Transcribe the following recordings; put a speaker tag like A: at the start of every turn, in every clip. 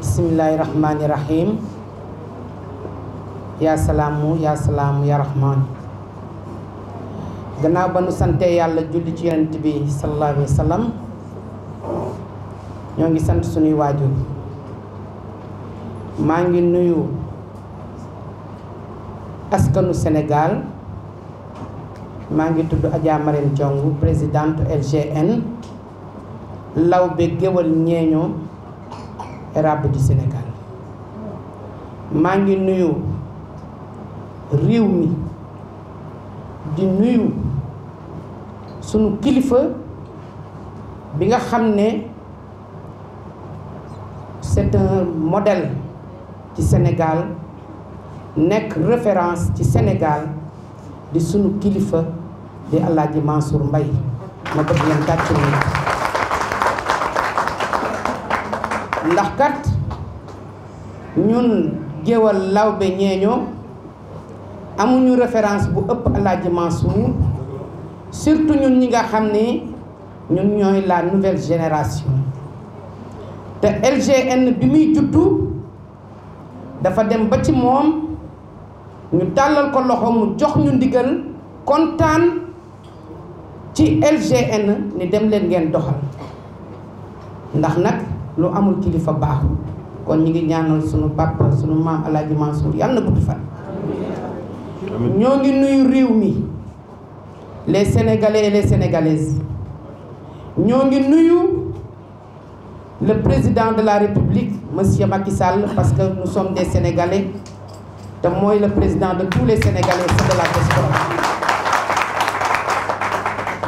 A: bismillaahi rahmaani rahiim yaa salaamu yaa salaamu yaa rahmaan gannaaw ba nu santee yàlla julli ci yonent bi sallallahu alayhi wa sallam ñoo ngi sant suñuy waajur maa ngi nuyu askanu senegaal maa ngi tudd Adja Marème Diong présidente LGN law be géwal ñeeñoo érable di Sénégal maa ngi nuyu réew mi di nuyu sunu kilifa bi nga xam ne c'est un ci Sénégal nekk référence ci Sénégal di sunu kilifa di Alaaji Mansour Mbaye ma bëgg leen tàcc ndax kat ñun géwal lawbe ñeeñoo amuñu référence bu ëpp Alaaji Mansour surtout ñun ñi nga xam ni ñun ñooy la nouvelle génération te LGN bi muy juddu dafa dem ba ci moom ñu tàllal ko loxo mu jox ñu ndigal kontaan ci LGN ni dem leen ngeen doxal ndax nag lu amul kilifa baax kon ñu ngi ñaanal sunu papa suñu maam El Mansour yàlla na gudd fan. ñoo ngi nuyu réew mi les sénégalais et les sénégalaises ñoo ngi nuyu. le président de la République, monsieur Macky Sall, parce que nous sommes des Sénégalais, te moi le président de tous les Sénégalais de la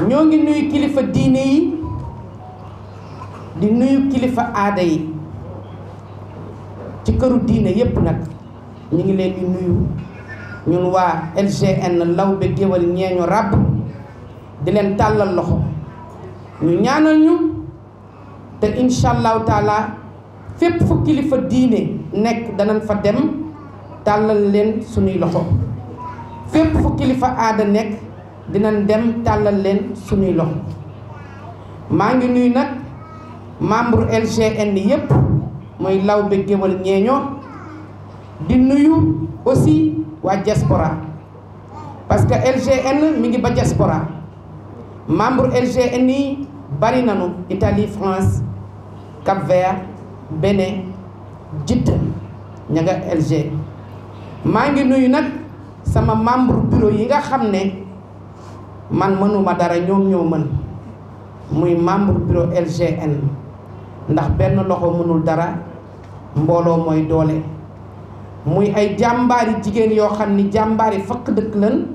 A: diaspora. kilifa avons yi di nuyu kilifa aada yi ci këru diine yépp nag ñu ngi leen di nuyu ñun waa LGN Lawbe Géwël ñeeñu ràbb di leen tàllal loxo ñu ñaanal ñu te incha allahu taala fépp fu kilifa diine nekk danañ fa dem tàllal leen suñuy loxo fépp fu kilifa aada nekk dinañ dem tàllal leen suñuy loxo maa ngi nuyu nag membre LGN yépp mooy lawbe géwël ñeeño di nuyu aussi waa diaspora parce que LGN mi ngi ba diaspora membre LGN yi bari nanu Italie France Cap-Vert Bénin Djidda ña nga maa ngi nuyu nag sama membre bureau yi nga xam ne man mënuma dara ñoom ñoo mën muy membre bureau LGN ndax benn loxo mënul dara mbooloo mooy doole muy ay jàmbaar jàmbaari jigéen yoo xam ni jàmbaar yi fakk dëkk lan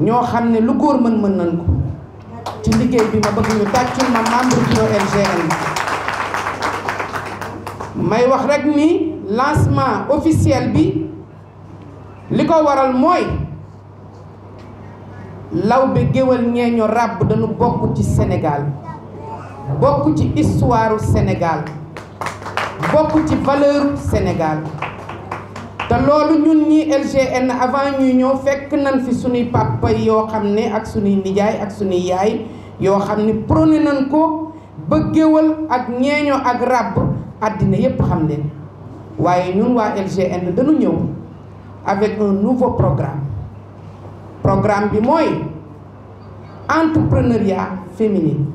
A: ñoo xam ne lu góor mën mën nañ ko ci liggéey bi ma bëgg ñu tàccul ma membre du ONG may wax rek ni lancement officiel bi li ko waral mooy Lawbe Géwël Ñeeño Ràbb dañu bokk ci Sénégal bokk ci histoire Sénégal bokk ci valeur Sénégal te loolu ñun ñi LGN avant ñuy ñëw fekk nañ fi sunuy papa yoo xam ne ak suñuy nijaay ak suñuy yaay yoo xam ne prôné nañ ko bëggewal ak ñeeño ak ràbb àddina yépp xam leen waaye ñun waa LGN dañu ñëw avec un nouveau programme programme bi mooy entrepreneuriat féminin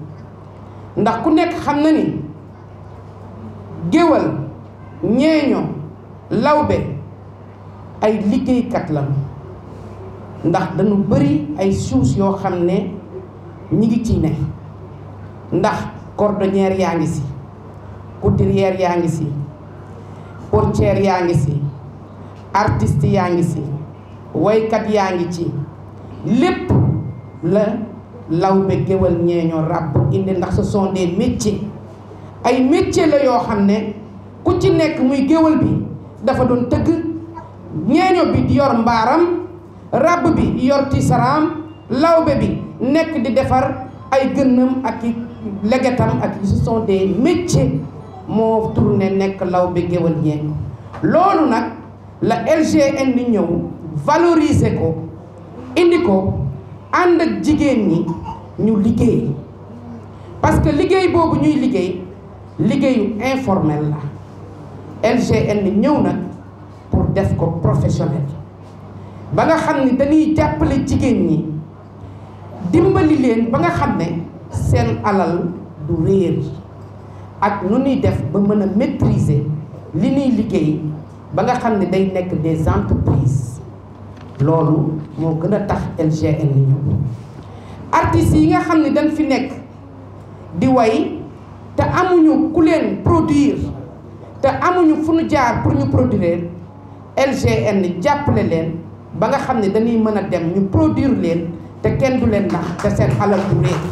A: ndax ku nekk xam na ni géwal ñeeño lawbe ay liggéeykat la ndax dañu bari ay suus yoo xam ne ñi ngi ciy ne ndax cordonnière yaa ngi ci couturière yaa ngi ci portière yaa ngi ci artist yaa ngi ci woykat yaa ngi ci lépp la lawbe géwal ñeeño ràbb indi ndax ce sont des ay métiers la yoo xam ne ku ci nekk muy géwal bi dafa doon tëgg ñeeño bi di yor mbaaram ràbb bi yor tisaraam lawbe bi nekk di defar ay gënnam ak i legetam ak ce sont des métiers moo tourné nekk lawbe géwal ñeeño loolu nag la LGN di ñëw valoriser ko indi ko ànd ak jigéen ñi ñu liggéey parce que liggéey boobu ñuy liggéey liggéeyu informel la LGN ñëw nag pour def ko professionnel ba nga xam ni dañuy jàppale jigéen ñi dimbali leen ba nga xam ne seen alal du réer ak nu ñuy def ba mën a maîtriser li ñuy liggéey ba nga xam ne day nekk des entreprises loolu moo gën a tax LGN ni ñëw artistes yi nga xam ne dañ fi nekk di way te amuñu ku leen produire te amuñu fu ñu jaar pour ñu produire LGN jàppale leen ba nga xam ne dañuy mën a dem ñu produire leen te kenn du leen nax te seen alal du réer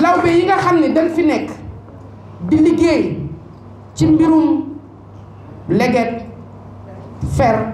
A: lawbe yi nga xam ne dañ fi nekk di liggéey ci mbirum leget fer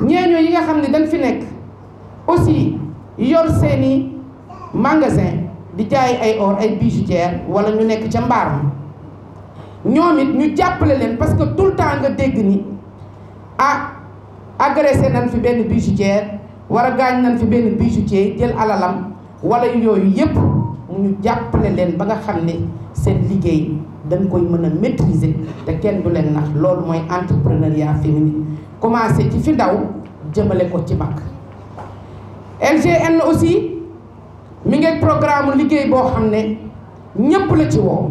A: ñeñu yi nga xam dañ fi nek aussi yor seeni magasin di jaay ay or ay bijoutière wala ñu nek ci mbaar mi ñu jàppale leen parce que tout temps nga dégg ni ah agressé nan fi ben bijoutière wara gañ nan fi ben bijoutier jël alalam wala yooyu yépp ñu jàppale leen ba nga xam ne seen liggéey dañ koy mëna maîtriser te kenn du leen nax loolu moy entrepreneuriat féminin commencé ci fi ndaw jëmale ko ci mag LGN aussi mi ngi programme liggéey boo xam ne ñépp la ci woo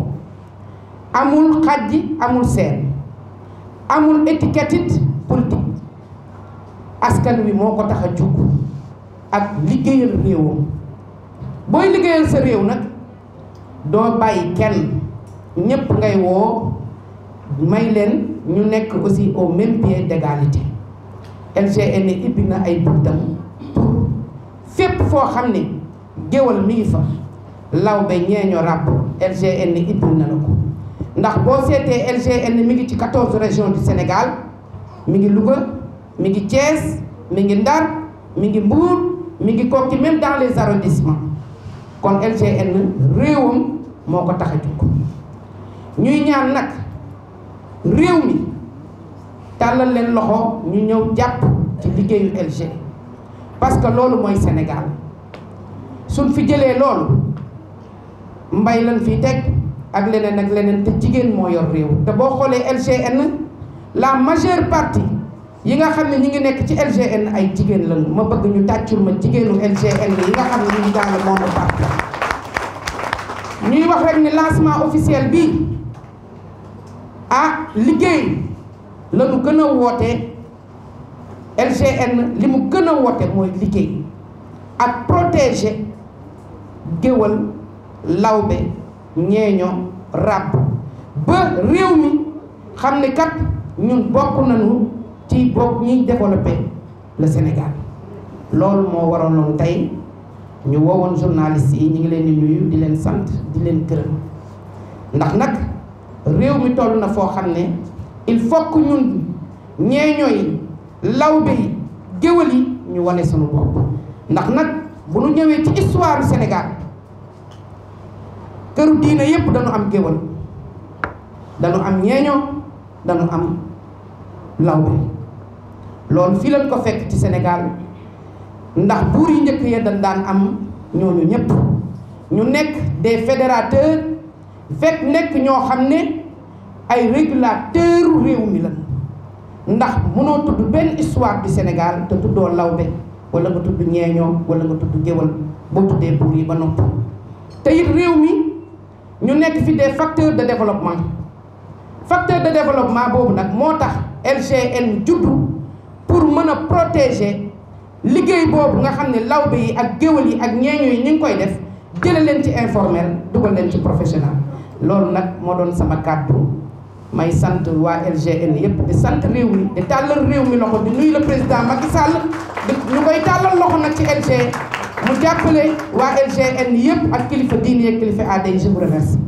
A: amul xajji amul seen amul étiquette it politique askan wi moo ko tax a jug ak liggéeyal réewam booy liggéeyal sa réew nag doo bàyyi kenn ñépp ngay woo may leen ñu sommes aussi au même pied d'égalité LGN ibbi na ay buntam pour fépp foo xam ne géwal mi ngi fa lawbe ñeeño ràbb LGN ibbi na la ko ndax boo seetee LGN mi ngi ci quatorze régions du Sénégal mi ngi Louga mi ngi Thiès mi ngi Ndar mi ngi Mbour mi ngi même dans les arrondissements kon LGN réewam moo ko tax a jóg ñuy ñaan nag réew mi tàllal leen loxo ñu ñëw jàpp ci liggéeyu LG parce que loolu mooy Sénégal suñ fi jëlee loolu mbay lañ fii teg ak leneen ak leneen te jigéen moo yor réew te boo xoolee LGN la majeure partie yi nga xam ne ñu ngi nekk ci LGN ay jigéen lañu ma bëgg ñu tàccul ma jigéenu LGN yi nga xam ne ñu ngi dans monde partout ñuy wax rek ni lancement officiel bii ah liggéey la ñu gën a woote LGN li mu gën a woote mooy liggéey ak protéger géwal lawbe ñeeño ràbb ba réew mi xam ne kat ñun bokk nañu ci bokk ñiy développer le Sénégal loolu moo waraloon tey ñu woowoon journaliste yi ñu ngi leen di di leen sant di leen gërëm ndax nag réew mi toll na foo xam ne il faut que ñun ñeeño yi lawbe yi géwël yi ñu wane suñu bopp ndax nag bu ñu ñëwee ci histoire Sénégal këru diine yépp dañu am géwël dañu am ñeeño dañu am lawbe loolu fii lañ ko fekk ci Sénégal ndax buur yi njëkk ya dañ daan am ñooñu ñépp ñu nekk de fédérateurs fekk nekk ñoo xam ne ay régulateur réew mi lan ndax mënoo tudd benn histoire du Sénégal te tuddoo lawbe wala nga tudd ñeeñoo wala nga tudd géwal boo tuddee buur yi ba nopp te it réew mi ñu nekk fi des facteurs de développement facteur de développement boobu nag moo tax LGN judd pour mën a protéger liggéey boobu nga xam ne lawbe yi ak géwal yi ak ñeeñoo yi ñu ngi koy def jële leen ci informel dugal leen ci professionnel loolu nag moo doon sama kàddu may sant waa LGN yëpp di sant réew mi di tàllal réew mi loxo di nuyu le président Macky Sall di ñu koy tàllal loxo nag ci LG mu jàppale waa LGN yëpp ak kilifa diine ak kilifa aada yi je vous remercie